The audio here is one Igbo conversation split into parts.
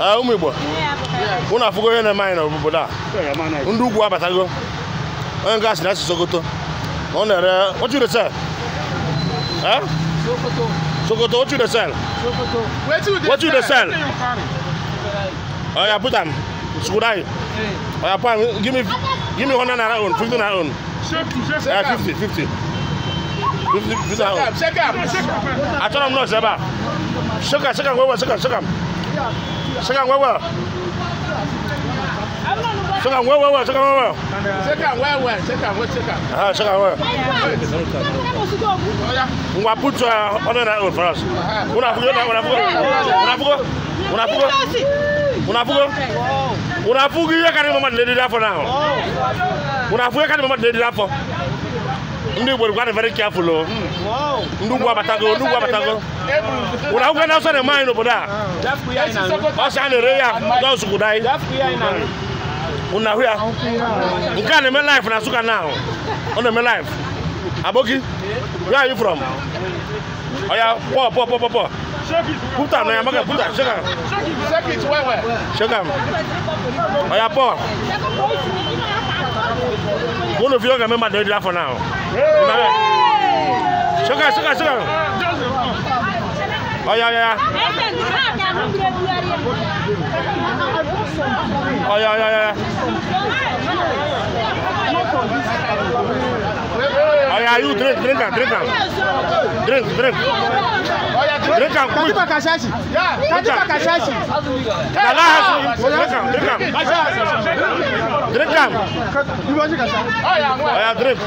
Ah, ụmụ igbo mụ na afụgo ihe na-eme anyị n'obodo a ndị ugwu abatago onye nke asị na asị sokoto ọ na-ere ochire sel eh? sokoto ochire sel ochire sel oya put am school ayi oya put am give me give me hundred naira own 50 naira own yeah, 50. fifty fifty naira own achọrọ m nọọsụ ebe a shake am shake am well well shake am shake am. Sekawewe. Sekawewe, sekawewe. Sekawewe, sekawewe, sekawewe. Aha, sekawewe. Mwa puto ona na old for us. Unafuga, unafuga. Unafuga. Unafuga. Unafuga. Unafuga kani mama lady da for now. Unafuga kani mama lady da for ndị Igbo gwara very careful ndị ugwu abatago ndị ugwu abatago wụrụ akwụkwọ na-asọ na anyị n'obodo a ọsị a na-ere ya ga ozugbo anyị ụna hụ ya nke a na-eme life na Nsukka now ọ na-eme life aboki where are you from oya pọ pọ pọ pọ pọ puta na ya maka puta shake am shake am oya pọ of you all remember the Odila for now. Hey! Sugar, sugar, sugar. Oh, yeah, yeah. Oh, yeah, yeah, yeah. Oh, yeah, you drink, drink, drink, drink, drink. Drink and drink, drink, drink, drink, drink! Kashashi. Dala has drink and drink and. Drip am. Oya oh, drip.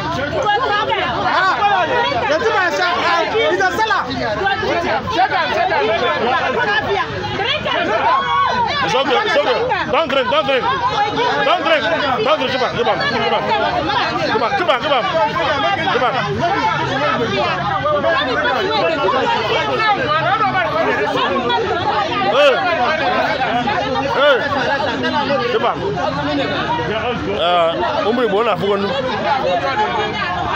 Yeti ma sha. He's a seller. Check am, check am. Drink am. It's okay, it's okay. Don't drink, don't drink. Don't drink. Don't drink. Come on, come on, come on. Come on, come on, come on. Come on. Hey. ụmụ Igbo na-afụgo nnu